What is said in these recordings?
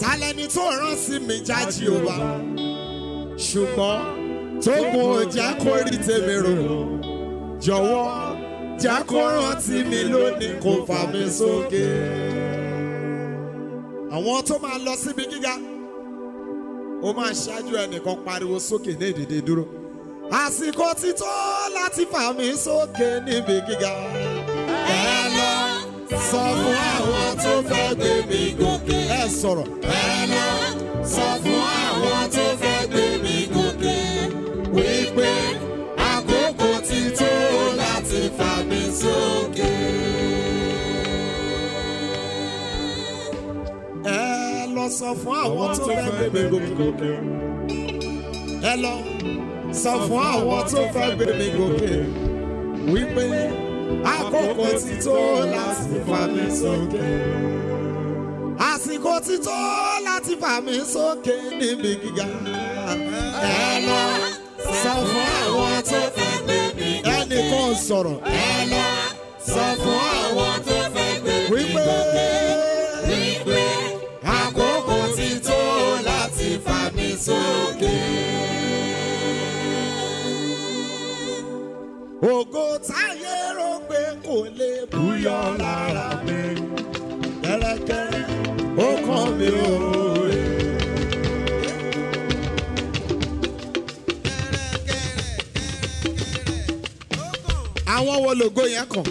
ta lẹni tó rán sí mi jájí o wa ṣùgbọ́n tó gun ọjà kó rí tèmi rò jọ̀wọ́ jà kó rántí mi lónìí kò fà mí sókè. àwọn tó máa lọ síbi gíga ó máa ṣáájú ẹnìkan pariwo sókè ní ìdìde dúró àsìkò ti tó láti fà mí sókè níbi gíga sọ fún àwọn tó fẹ́ gbé mi gòkè. ẹ sọ̀rọ̀. ẹ lọ sọ fún àwọn tó fẹ́ gbé mi gòkè. wípé àkókò ti tó láti fà mí sókè. ẹ lọ sọ fún àwọn tó fẹ́ gbé mi gòkè. ẹ lọ sọ fún àwọn tó fẹ́ gbé mi gòkè. wípé àkókò ti tó láti fà mí sókè. àsìkò ti tó láti fà mí sókè níbi gíga. ẹ lọ sọ fún àwọn tó fẹ́ gbé mi gòkè. ẹnìkan sọ̀rọ̀. ẹ lọ sọ fún àwọn tó fẹ́ gbé mi gòkè. wípé àkókò ti tó láti fà mí sókè. ò lè búyọ lára mi kẹ́rẹ́kẹ́rẹ́ ó kàn mí o. àwọn wo lògo yẹn kàn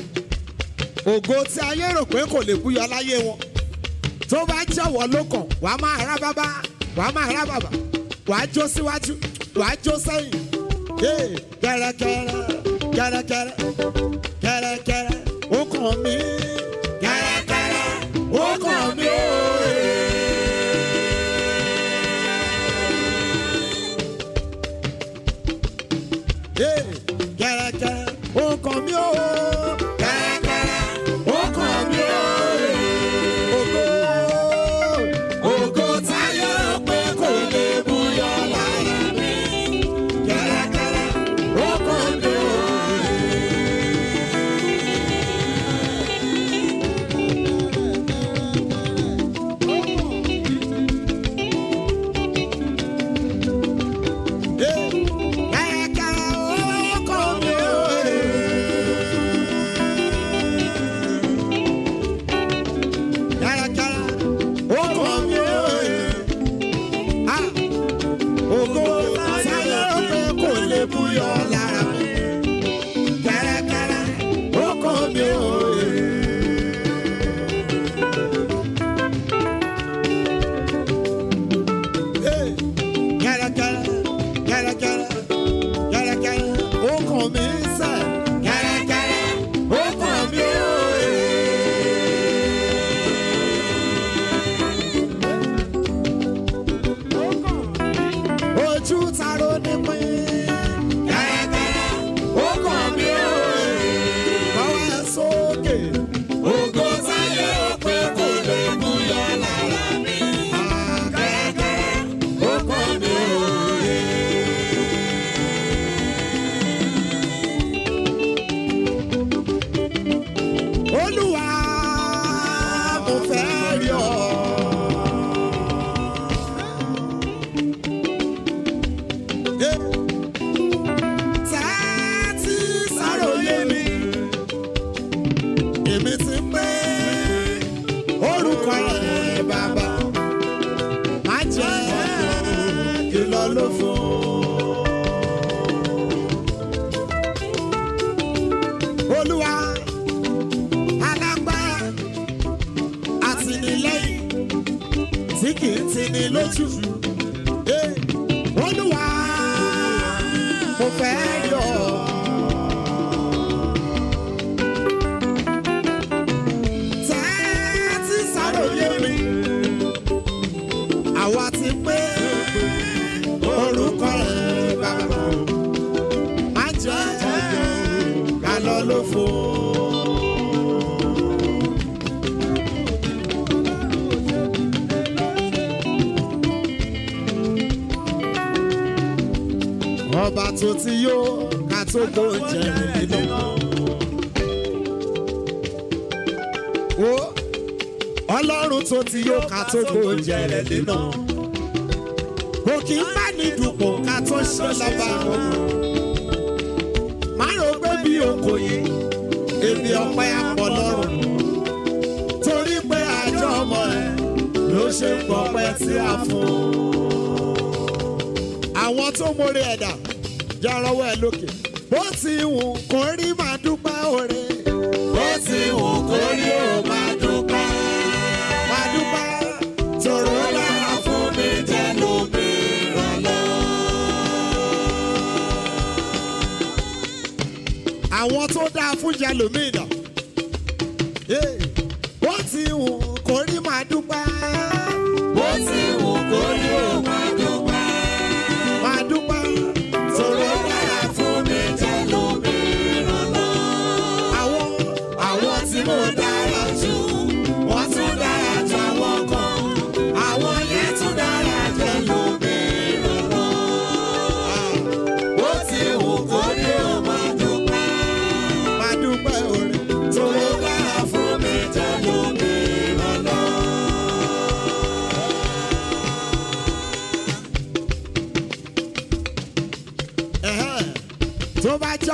ògo tí ayé rò pé kò lè búyọ láyé wọn tó bá jọ̀wọ́ ló kàn wà á máa rá bàbá wà á máa rá bàbá wà á jó síwájú wà á jó sẹ́yìn kẹ́rẹ́kẹ́rẹ́ kẹ́rẹ́kẹ́rẹ́ kẹ́rẹ́kẹ́rẹ́ kàn mí. Kàràkàrà ó kàn mí ó. Kàràkàrà ó kàn mí ó. ètùtù. olúwa mo fẹ́ tó ti yó ká tó kó jẹun nínú. Wo ọlọ́run tó ti yó ká tó kó jẹun nínú. Kò kí n bá ní dùpọ̀ ká tó ṣe lọ́ba Má rò pé bí oko yìí, èmi ọpẹ́ àpọ̀ Torí pé àjọ ọmọ rẹ̀ ló ṣe ń tí a fún un àwọn tó mórè ẹ̀dá járọ́wọ́ ẹ lókè. bó ti wù kó rí máa dúpẹ́ òre. bó ti wù kó rí o máa dúpẹ́. máa dúpẹ́. tòró dára fún mi jẹ́ lómi ìrànlọ́. àwọn tó dáa fún jẹ́ lómi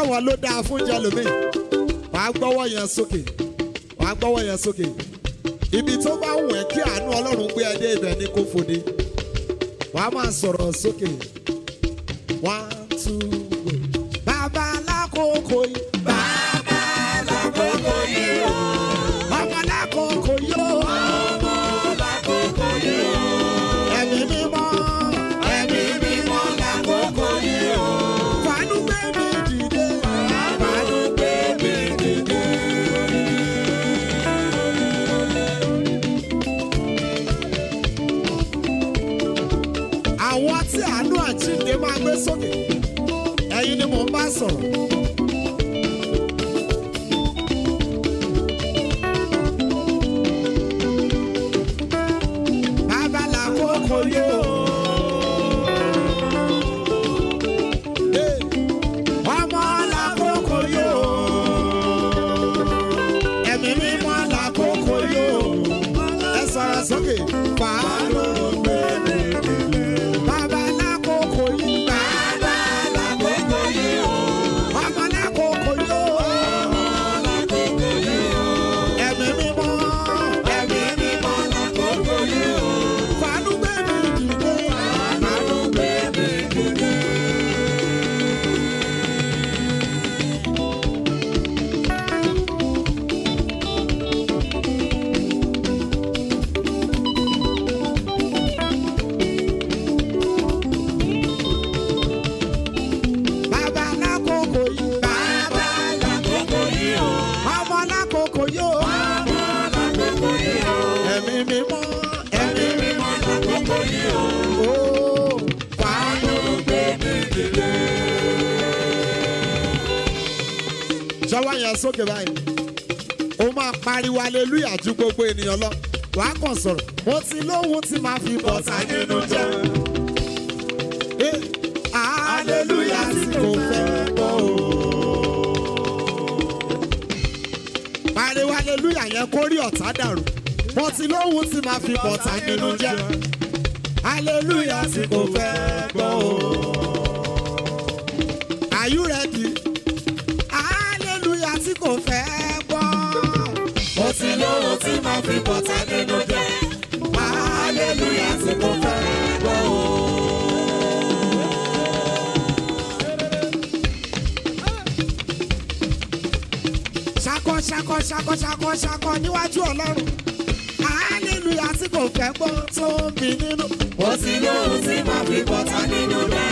táwa ló dáa fún jẹlómi wàá gbọ́wọ́ yẹn sókè wàá gbọ́wọ́ yẹn sókè ibi tó bá wù ẹ́ kí àánú ọlọ́run gbé ẹ dé ibẹ̀ ní kò wàá máa sọ̀rọ̀ sókè one two. sọ̀rọ̀. Bàbá làkókò yóò. sókè báyìí ó máa pariwo hallelujah ju gbogbo ènìyàn lọ wàá kàn sọ̀rọ̀ mo ti lóhun tí màá fi bọ̀tà nínú jẹ́ eh, hallelujah tí kò fẹ́ bọ̀ o. pariwo hallelujah yẹn kó rí ọ̀tá dàrú mo ti lóhun tí màá fi bọ̀tà nínú jẹ́ hallelujah tí kò fẹ́ bọ̀ o. Are you ready? kò fẹ́ gbọ́. mo ti lóhun tí màá fi bọ̀tà nínú jẹ́ hallelujah tí mo fẹ́ gbọ́ o. ṣakọ ṣakọ ṣakọ ṣakọ níwájú ọlọ́run hallelujah tí kò fẹ́ gbọ́ tó ń bí nínú. mo ti lóhun tí màá fi bọ̀tà nínú rẹ̀.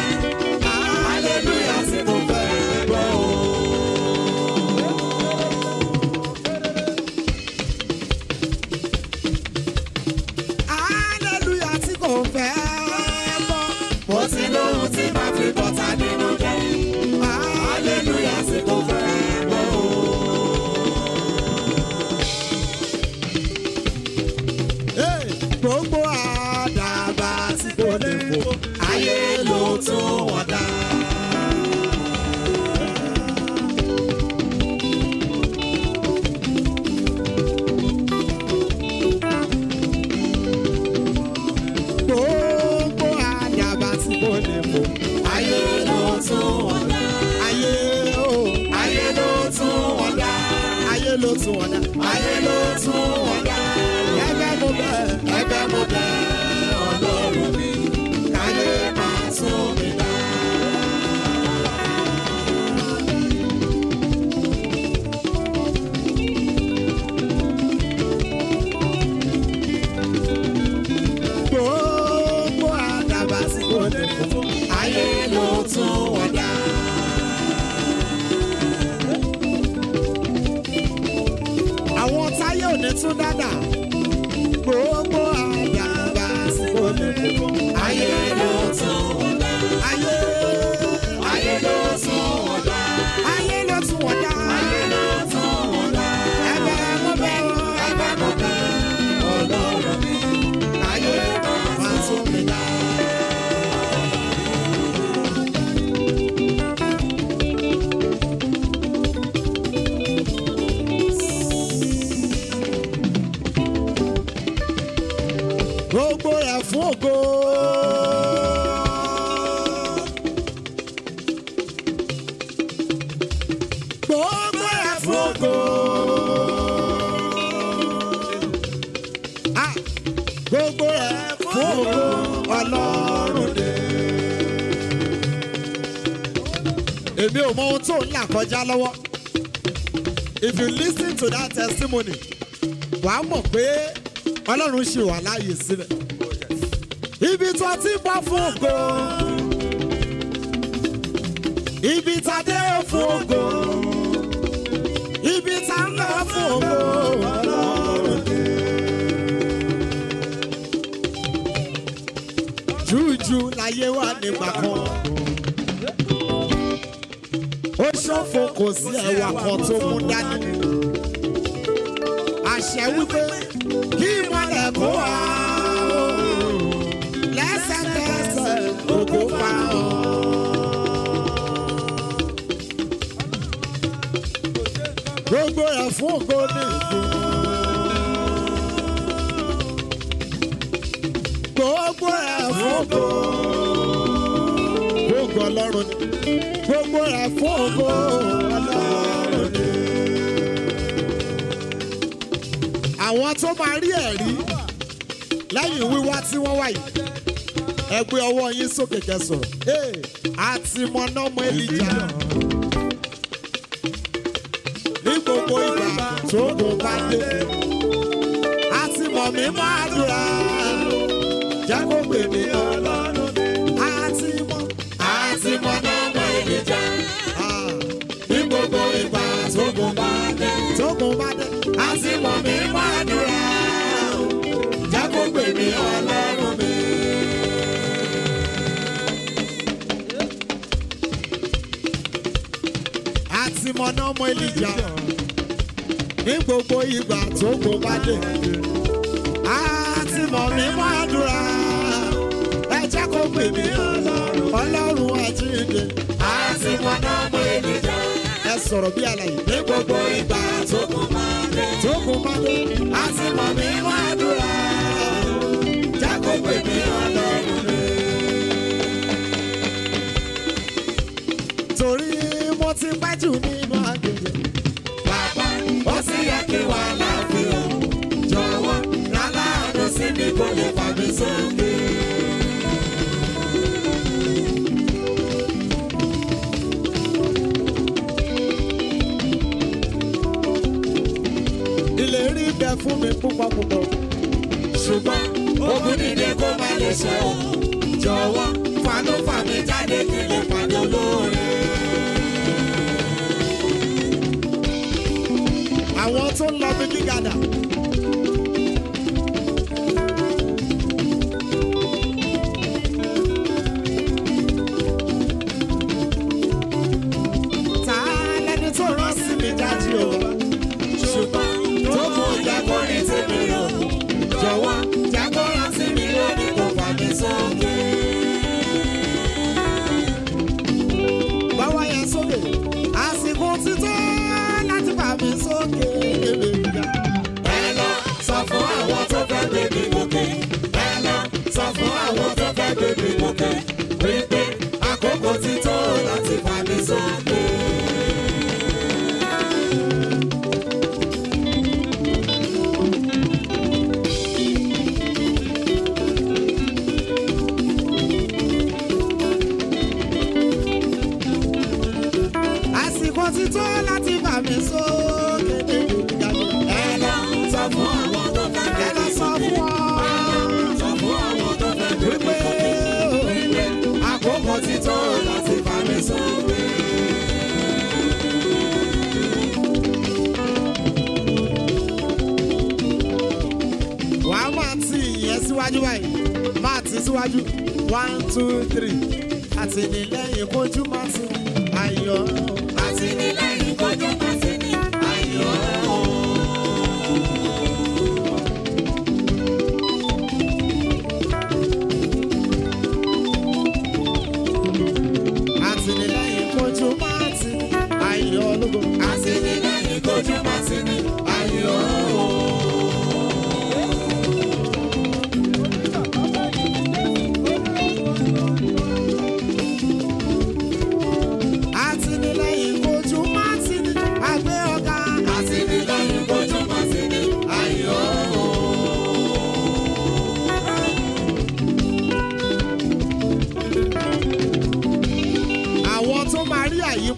ò mọ ohun tó ń là kọjá lọ́wọ́ if you listen to that testimony wà á mọ̀ pé ọlọ́run ṣì wà láàyè síbẹ̀ ibi tí a ti bọ́ fún ògo ibi tí a dé fún ògo ibi tí a ń lọ fún ògo ọlọ́run dé. jújú láyé wà nígbà kan. sí awakọ̀ tó mú dání. àṣẹ wípé kí ìmọ̀lẹ̀ kó wá lẹ́sẹ̀kẹsẹ̀ ògo pa ọ́. gbogbo ẹ̀ fún ògo ní ìlú. gbogbo ẹ̀ fún ògo ni gbogbo rẹ̀ fún ògo ọlọ́run ni. àwọn tó máa rí ẹ̀rí lẹ́yìn wíwá tí wọ́n wá yìí ẹ gbé ọwọ́ yín sókè kẹsọ̀rọ̀ àti mọ̀nàmọ́ Èlíjà ní gbogbo ìgbà tó kò bá dé àti mọ̀ máa dùn á jẹ́ kó gbèmí náà. àti mọ̀nà ọmọ Èlíjà ní gbogbo ìgbà tó kò bá dé àti mọ̀ mí mọ́ àdúrà ẹ jẹ́ kó pè mí ọlọ́run àjíǹde àti mọ̀nà ọmọ Èlíjà ẹ sọ̀rọ̀ bí àlàyé ní gbogbo ìgbà tó kò bá dé àti mọ̀ mí mọ́ àdúrà. pupa púpọ̀. ṣùgbọ́n ogun nílé kó má lè ṣe o jọ̀wọ́ fanúfàmì jáde kí lè pàdé àwọn tó ń lọ bí gíga dà. one two three àtìlẹ́yìn kojú má sí ayọ̀.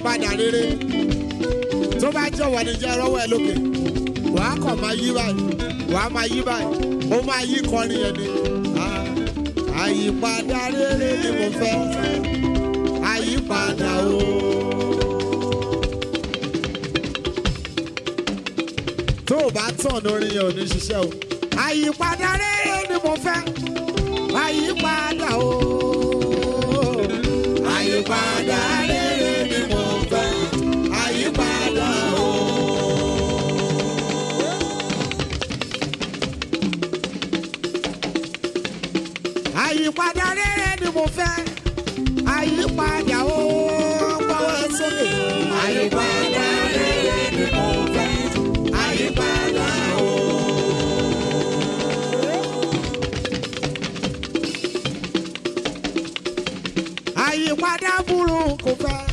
padà rere tó bá jọ̀wọ́ ní jẹ́ rọ́wọ́ ẹ lókè wàá kàn máa yí báyìí wàá máa yí báyìí ó máa yí kọrin yẹn ni. Ah, àyípadà rere ni mo fẹ́ àyípadà o. tó o bá tàn lórí yẹn ò ní ṣiṣẹ́ o àyípadà rere ni mo fẹ́. Bye.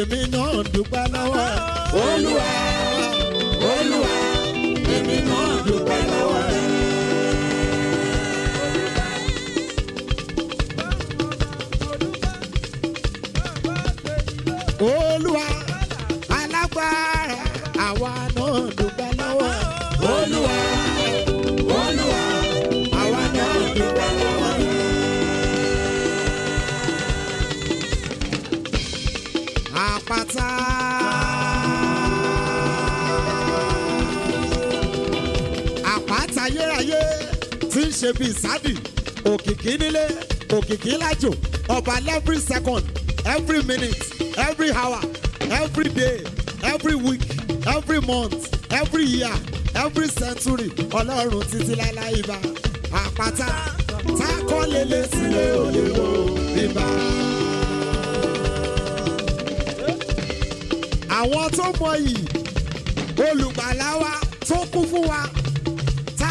èmi náà dúpẹ́ lọ́wọ́ olúwa. ṣe bíi sádì òkìkí nílé òkìkí lájò ọba every second every minute every hour every day every week every month every year every century ọlọ́run títí láíláí ibà àpáta tákọ́lélé sílé olèwò ibà. àwọn tó mọyì olùgbàlà wa tó kú fún wa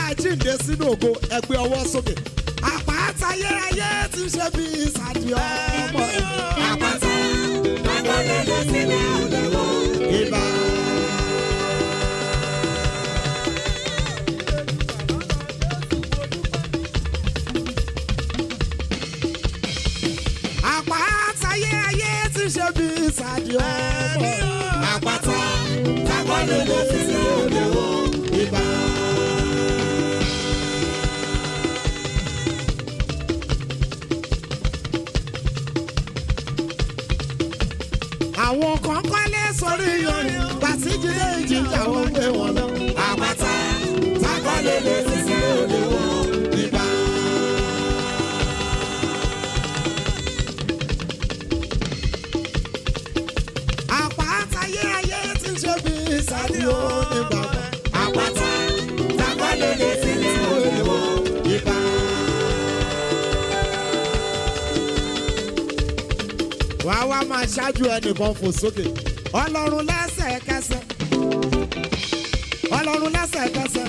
àjíǹde sínú ògo ẹgbẹ́ ọwọ́ sókè. àpáta ayérayé ti ṣe bí ìsàdì ọmọ rẹ. àpáta agbọ́lẹ̀lẹ̀ sílẹ̀ òlẹ̀wọ̀. ìbà. àpáta ayérayé ti ṣe bí ìsàdì ọmọ rẹ. àpáta agbọ́lẹ̀lẹ̀ sílẹ̀ òlẹ̀wọ̀. ó gbé wọn lọ. àpáta takọ́lé lè sisi òde wọn nígbà. àpáta ayérayé ti ń ṣe bí ìsàlẹ̀ òun nígbà. àpáta takọ́lé lè sisi òde wọn nígbà. wàá wá máa ṣáájú ẹnìkan fò sókè ọlọ́run lẹ́sẹ̀kẹsẹ̀ ọlọ́run lẹ́sẹ̀kẹsẹ̀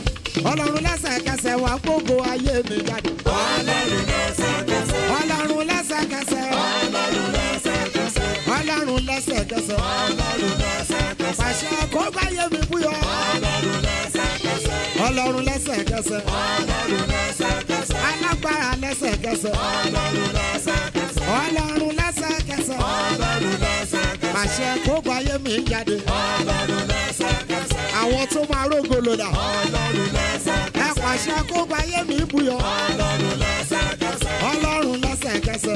ọlọ́run lẹ́sẹ̀kẹsẹ̀ wà gbogbo ayé mi jáde. ọlọ́run lẹ́sẹ̀kẹsẹ̀ ọlọ́run lẹ́sẹ̀kẹsẹ̀ ọlọ́run lẹ́sẹ̀kẹsẹ̀ ọlọ́run lẹ́sẹ̀kẹsẹ̀ ọlọ́run lẹ́sẹ̀kẹsẹ̀ pàṣẹ kó bá yé mi búyọ. ọlọ́run lẹ́sẹ̀kẹsẹ̀ ọlọ́run lẹ́sẹ̀kẹsẹ̀. ọlọ́run lẹ́sẹ̀kẹsẹ̀. alágbára lẹ́sẹ̀kẹsẹ̀. ọlọ́run lẹ́sẹ̀kẹsẹ̀. ọlọ́run lẹ́sẹ̀kẹsẹ̀. ọlọ́run lẹ́sẹ̀kẹsẹ̀. àṣẹ kókó ayé mi jáde. ọlọ́run lẹ́sẹ̀kẹsẹ̀. àwọn tó máa rógo lòdà. ọlọ́run lẹ́sẹ̀kẹsẹ̀. ẹ pàṣẹ kókó ayé mi buyọ. ọlọ́run lẹ́sẹ̀kẹsẹ̀. ọlọ́run lẹ́sẹ̀kẹsẹ̀. ọlọ́run lẹ́sẹ̀kẹsẹ̀.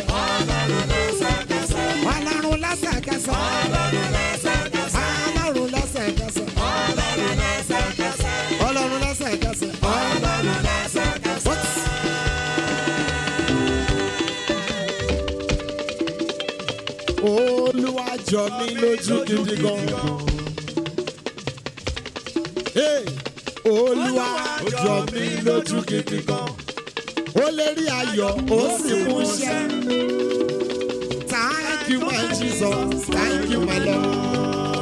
ọlọ́run lẹ́sẹ̀kẹsẹ̀. ọlọ́run lẹ́sẹ̀kẹsẹ̀. jọ mí lójú gidi gan. olúwa ó jọ mí lójú gidi gan. ó lè rí ayọ̀ ó sì mú iṣẹ́. thank you my Jesus thank you my Lord.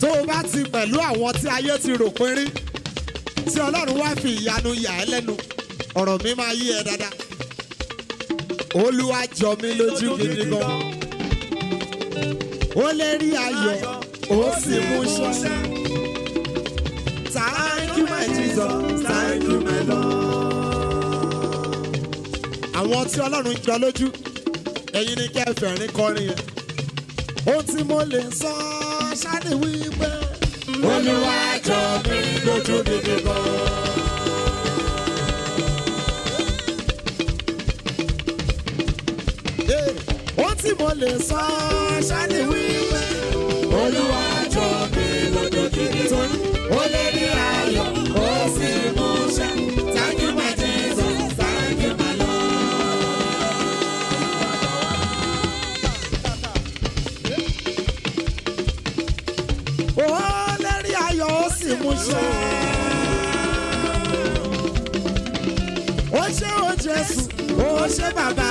tó o bá ti pẹ̀lú àwọn tí ayé ti rò péré tí ọlọ́run wá fi ìyanu yà ẹ́ lẹ́nu ọ̀rọ̀ mi máa yí ẹ dáadáa olúwa jọ mí lójú gidi gan ó lè rí ayọ̀ ó sì mú ṣe. thank you my jesus thank you my lord. àwọn tí ọlọ́run ń lójú ẹ̀yin ni kẹ́ ẹ kọrin yẹn. ohun tí mo lè sọ ṣáà wípé. lè sọ ṣáàlì wípé olúwa jọ mi lọ́dọ̀ gidi torí ó lè rí ayọ̀ ó sì mú ṣe. Thank you my Jesus, thank you my Lord. Ó lè rí ayọ̀ ó sì mú ṣe. Ó ṣé o Jésù, ó ṣé bàbá.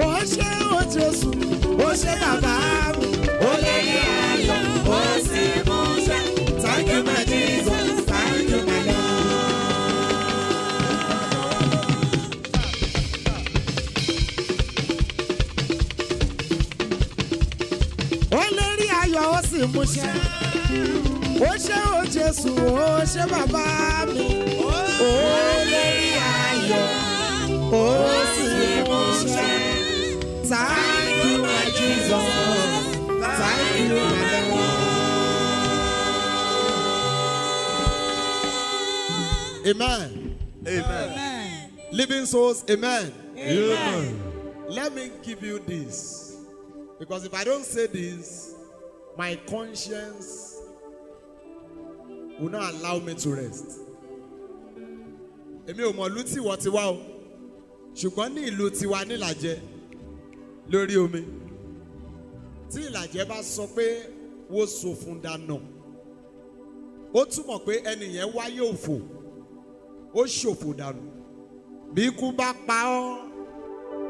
ó ṣé ó Jésù ó ṣé bàbá mi ó lè ní ayọ̀ ó sì mú thank you my Jesus thank you my Lord. ayọ̀ ó sì mú ṣẹ. ó ṣé o Jésù ó ṣé bàbá mi. ó lè ayọ̀ ó. Amen. Amen. Living souls, amen. amen. Let me give you this. Because if I don't say this, my conscience will not allow me to rest. Èmi ò mọ̀ o, ṣùgbọ́n ní ìlú lórí omi. tí ìlàjẹ bá sọ pé wo sòfun dànù ó túmọ̀ pé ẹni yẹn wáyé òfò ó ṣòfò dànù bí ikú bá pa ọ́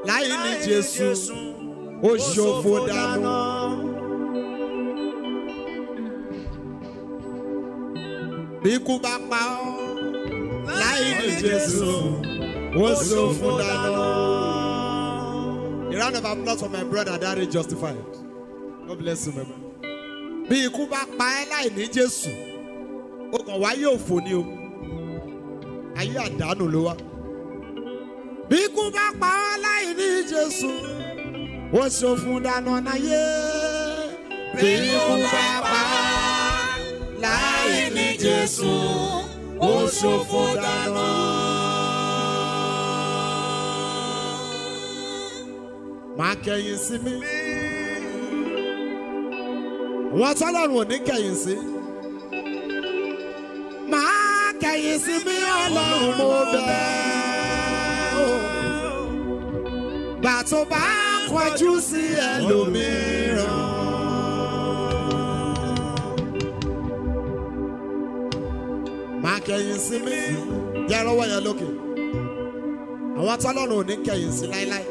láì ní Jésù ó ṣòfò dànù. bí ikú bá pa ọ́ láì ní Jésù ó ṣòfò dànù. A round of applause for my brother, Daddy Justified. God bless you, my bàbá. Bí ikú bá pa ẹ́ láì ní Jésù, o kàn wáyé òfò ni o. Ayé àdánù ló wá. Bí ikú bá pa ọ́ láì ní Jésù, ó ṣòfò dáná náyé. Bí ikú bá pa láì ní Jésù, ó ṣòfò dáná. máa kẹ̀yìn sí mi wọn tọ́lọ́run ò ní kẹ̀yìn sí. màá kẹ̀yìn sí bí ọlọ́run mo bẹ̀ ọ́. bàtò bá kọjú sí ẹlòmíràn. màá kẹ̀yìn sí mi yẹ lọ́wọ́ yẹn lókè. àwọn tọ́lọ́run ò ní kẹ̀yìn sí láéláé.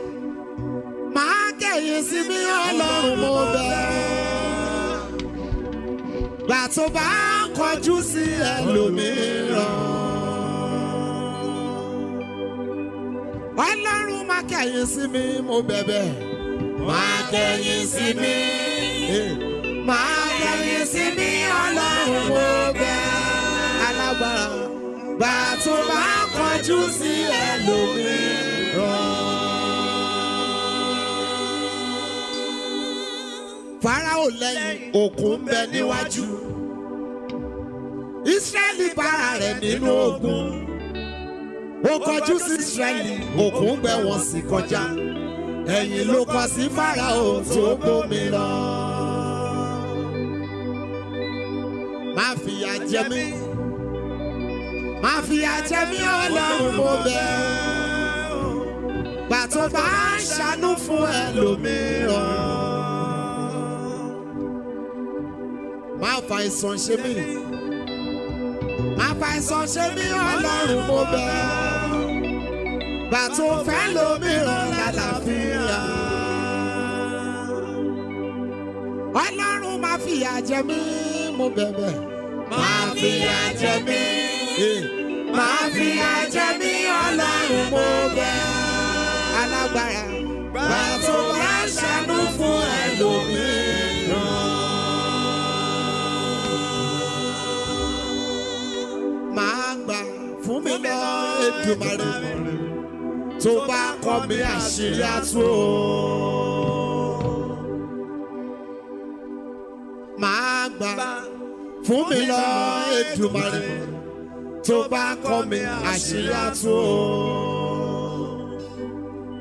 màá kẹ̀yìn sí bí ọlọ́run mo bẹ̀ ìgbà tó bá ń kọjú sí ẹlòmíràn. ọlọ́run má kẹ̀yìn sí mi mo bẹ̀bẹ̀. má kẹ̀yìn sí mi. má kẹ̀yìn sí mi ọlọ́run mo bẹ̀. alágbára gbà tó bá ń kọjú sí ẹlòmíràn. Fáráò lẹ́yìn òkun ń bẹ níwájú. Ísírẹ́lì bára rẹ̀ nínú ogun. Ó kọjú sí Ísírẹ́lì, òkun gbẹ wọn sì kọjá. Ẹ̀yìn ló kọ sí Fáráò tó gbómi lọ. Má fìyà jẹ mí. Má fìyà jẹ mí ọlọ́run mo bẹ̀. Gbà bá ń ṣàánú fún ẹlòmíràn. fàìsàn ṣe mí má fàìsàn ṣe mí ọlọ́run mo bẹ̀ bàtún fẹ́ lómìíràn lálàáfíà ọlọ́run má fìyà jẹ mí mo bẹ̀bẹ̀ má fìyà jẹ mí má fìyà jẹ mí ọlọ́run mo bẹ̀ alágbára bàtún wá ṣàánú fún ẹlòmíràn. Olódùmarè tó bá kọ́ mi àṣírí àtú o. Màá gbà fún mi lọ Èdùmarè tó bá kọ́ mi àṣírí àtú o.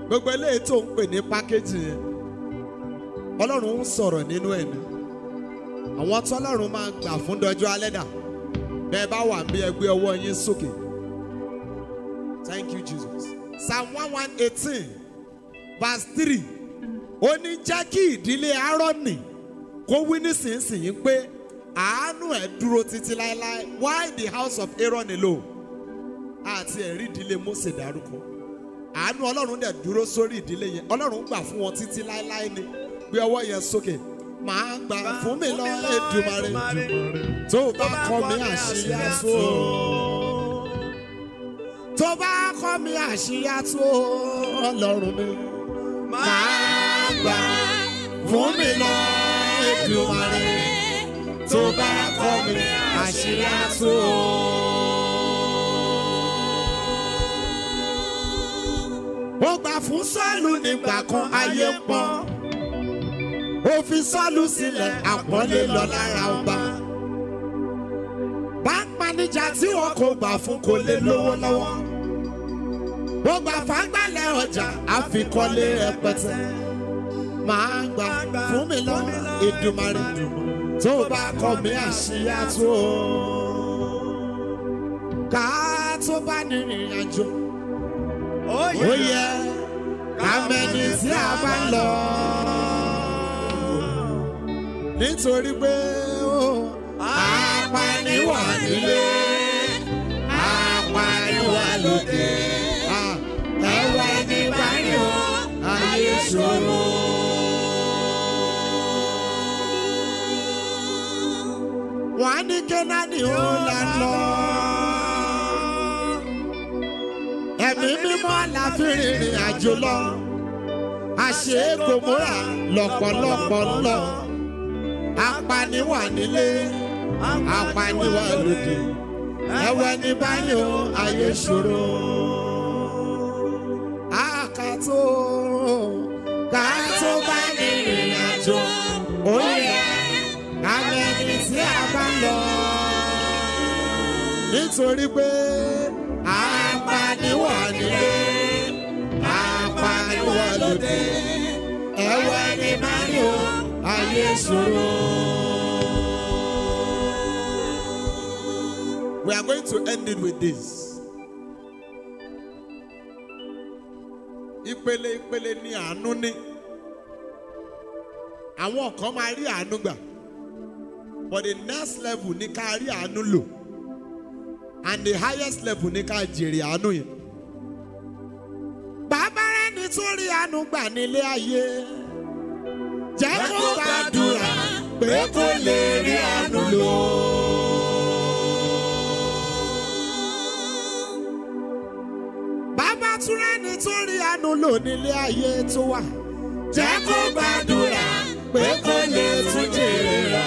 Gbogbo eléyìí tó ń pè ní pákéjì yẹn, Ọlọ́run ń sọ̀rọ̀ nínú ẹ̀ ni. Àwọn tọ́lọ́run máa gbà fún dọjọ́ alẹ́ dà. Bẹ́ẹ̀ bá wà ń bí ẹgbẹ́ ọwọ́ yín sókè. Thank you, Jesus. Psalm 118, verse 3. Ó ní jẹ́ kí ìdílé Aaroni kó wí nísinsìnyí pé àánú ẹ̀ dúró títí láéláé. Why the house of Aaron alone? Àti ẹ̀rí ìdílé mose dárúkọ. Àánú Ọlọ́run dẹ̀ dúró sórí ìdílé yẹn. Ọlọ́run gbà fún wọn títí láéláé ni. Gbé ọwọ́ yẹn sókè. Màá gbà fún mi lọ Èdùmàrè. Tó o bá kọ́ mi àṣírí àṣọ tó bá kọ́ mi àṣìyá tó ọlọ́run mi. máa gbà fún mi lọ Èdùmàrè tó bá kọ́ mi àṣìyá tó. ó gbà fún Sọ́ọ̀lù nígbà kan ayé pọ́n ó fi Sọ́ọ̀lù sílẹ̀ àpọ́nlé lọ lára ọba bá ń tí wọn kò gbà fún kò lè lówó lọ́wọ́ ó gbà fàgbàlẹ̀ ọjà àfikọ́lé rẹpẹtẹ máa ń gbà fún mi lọ́nà Èdùmàrè tó bá kọ́ mi àṣìyá tó ká tó bá nírìn àjò ó yẹ ká tí a bá lọ nítorí pé ó apaniwà nílé. nuestro amor. Wọ́n á ní Kẹ́nání ó là lọ. Ẹ̀mí mímọ́ la fi rìnrìn àjò lọ. Àṣé Gòmórà lọ́pọ̀lọpọ̀ ń lọ. Apani wà nílé, apani wà lóde. Ẹ̀wẹ̀ ní báyìí ó ayé ṣòro. Àkàtó. nítorí pé apaniwọ nílé apaniwọ lóde ẹwà ni máa ń lò ayé We are going to end it with this. Ìpele ìpele ni àánú ní. Àwọn kan máa rí àánú gbà. But the next level ni ká rí àánú lò. and the highest level ní ká jèrè àánú yẹn. bàbá rẹ̀ nítorí àánú gbà nílé ayé jẹ́ kó gbàdúrà pé kó lè rí àánú lò. bàbá tún rẹ̀ nítorí àánú lò nílé ayé tó wà jẹ́ kó gbàdúrà pé kó lè tún jèrè rà.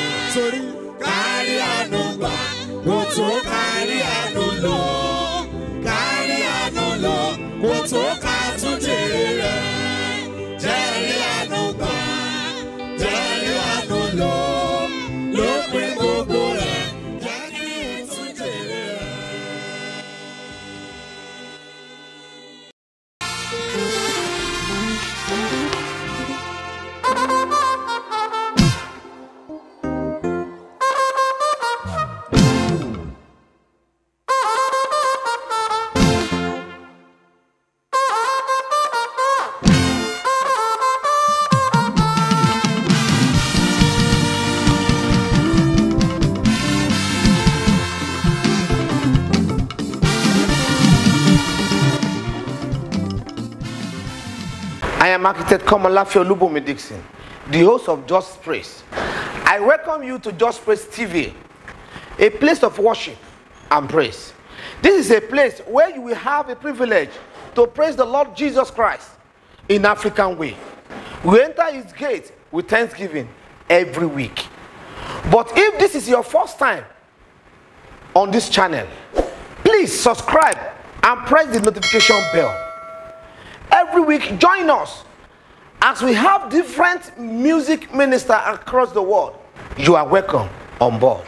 I'm architect Lubumi Dixon, the host of Just Praise. I welcome you to Just Praise TV, a place of worship and praise. This is a place where you will have a privilege to praise the Lord Jesus Christ in African way. We enter his gate with thanksgiving every week. But if this is your first time on this channel, please subscribe and press the notification bell. Every week, join us As we have different music ministers across the world, you are welcome on board.